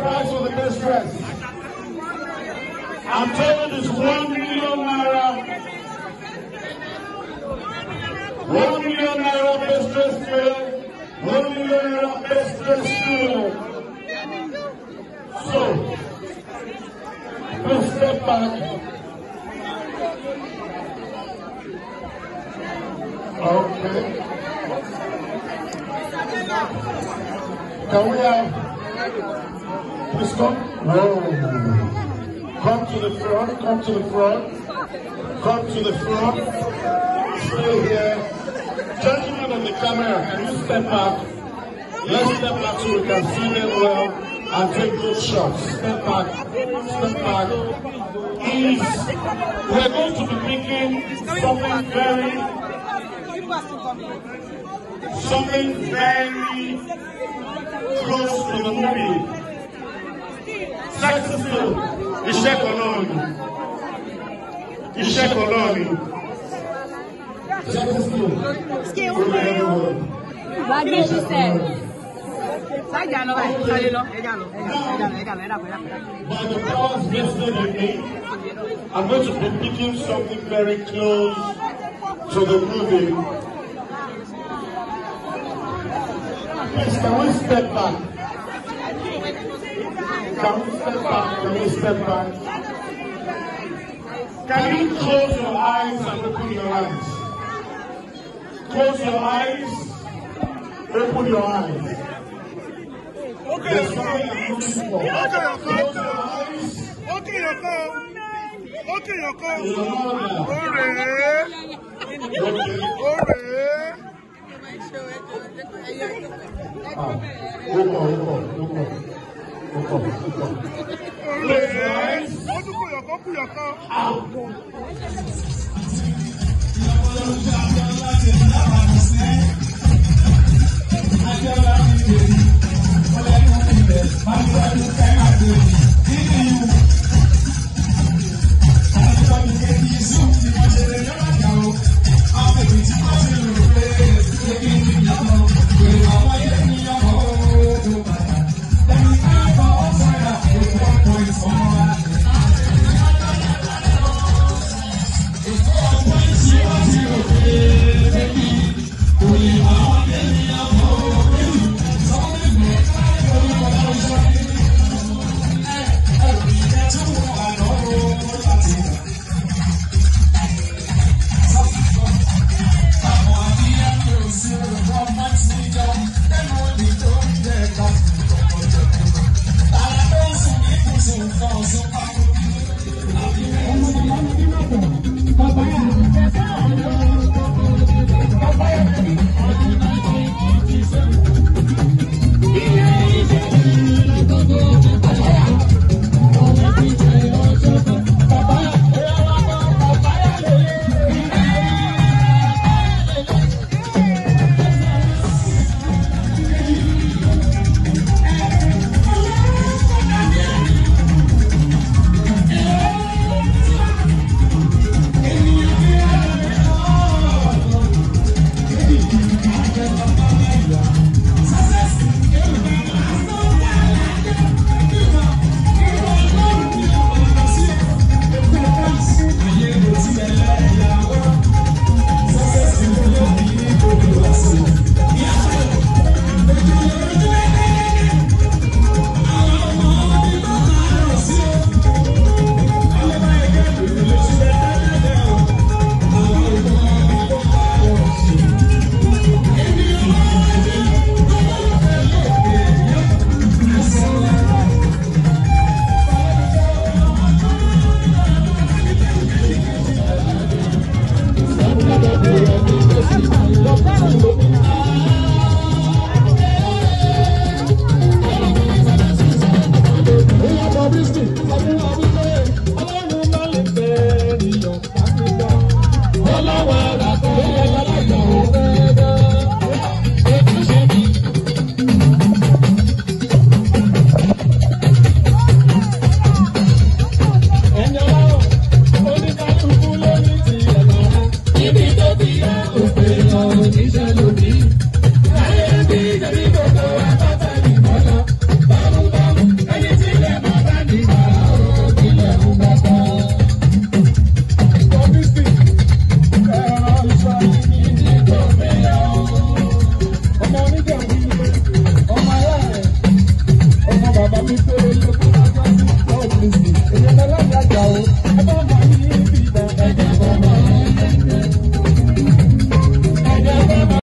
price for the best dress. I'm told it's one million naira. One million naira best dress girl. One million naira best dress girl. So, please step back. Okay. Can we have please come. Come to the front, come to the front. Come to the front. Stay here. Gentlemen on the camera, can you step back? Let's step back so we can see them well and take good shots. Step back. Step back. Is we're going to be making something very something very close to the movie. láti iṣẹ́ kan náà ni iṣẹ́ kan náà ni By the cross blessing me, I'm going to be picking something very close to the movie. Please, can we step back? Can we step back? Can we step back? Can you close your eyes and open your eyes? Close your eyes. Open your eyes. Okay, That's what I'm looking for. Okay, Close your eyes. Okay, okay. Okay, okay. Glory. ó tún Thank you. Oh, Thank you.